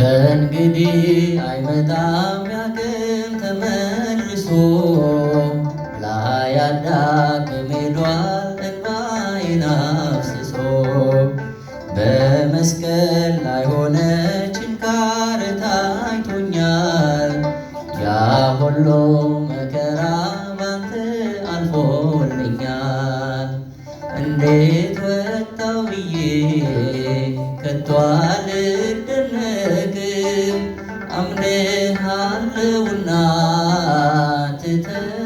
ከእንግዲህ አይመጣም ያቅም ተመልሶ ላያዳግም ሄዷል እንባዬን አፍስሶ በመስቀል ላይ ሆነ ችንካር ታይቶኛል ያ ሁሉ መከራ ባንተ አልፎልኛል እንዴት ወጣው ብዬ ከቷል ነውና ትተኸኛል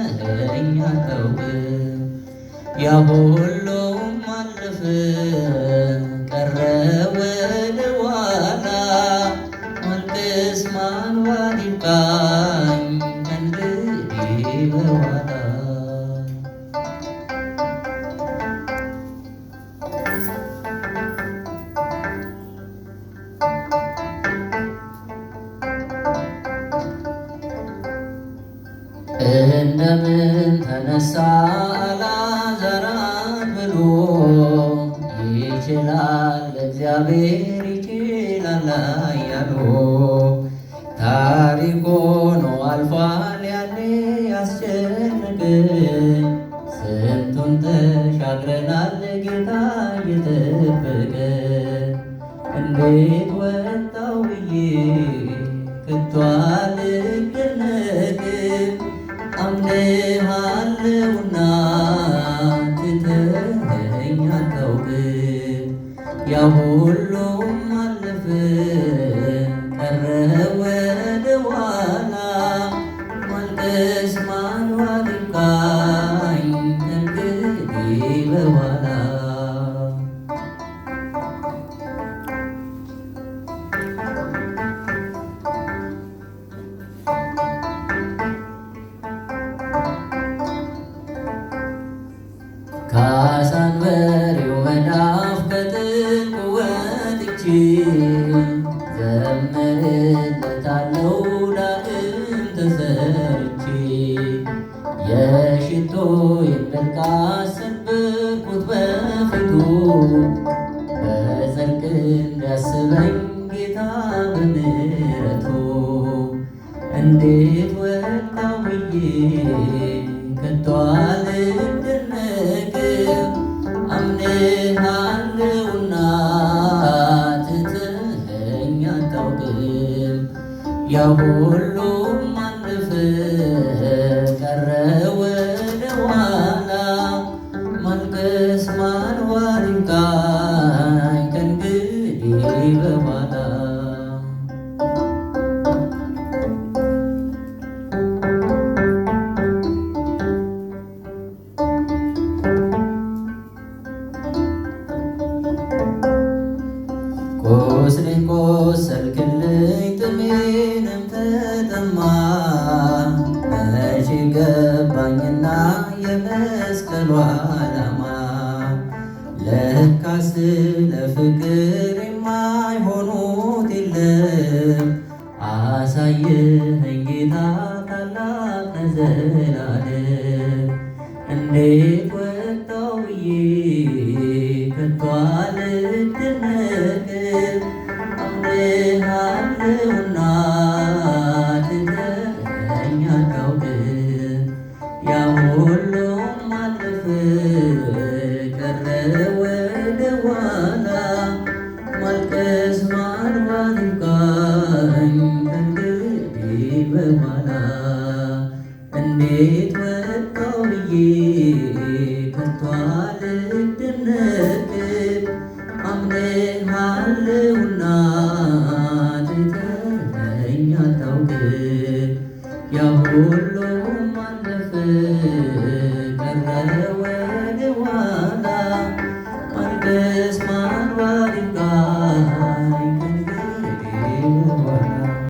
እንደምን ተነሳ አላዛር ብሎ ይችላል እግዚአብሔር ይችላል እያሉ ታሪኮ ነው አልፏል ያኔ ያስጨንቅ ስንቱን ተሻግረናል ጌታ እየጠበቀ እንዴት ወጣው ብዬ ክቷል ድነቅ አምንሃለሁና ትተኸኝ አታውቅም። ያ ሁሉም አለፈ ቀረ ወደ ኋላ ማልቀስ ማን ካሳንበሬው መዳፍ ከጥልቁ ወጥቼ ዘምርለታለሁ ዳግም ተሰርቼ የሽቶ የመርቃት ሰበርኩት በፍቱ በጽድቅ እንዲያስበኝ ጌታ በምሕረቱ እንዴት ወጣሁ ብዬ ከቶ አልኩ ያ ሁሉም ወደ ኋላ ማልቀስ ማንዋር ቆሰልክልኝ ጥሜንም ተጠማ መች ገባኝና የመስቀሉ ዓላማ ለካስ ለፍቅር የማይሆኑት የለም አሳየኸኝ ጌታ ታላቅ ነዘላለ እንዴት አላውቅ ያ ሁሉም አለፈ ቀረ ወደ ኋላ ማልቀስ ማልባት ይብቃኝ ከእንግዲህ በኋላ እንዴት ወጣው ብዬ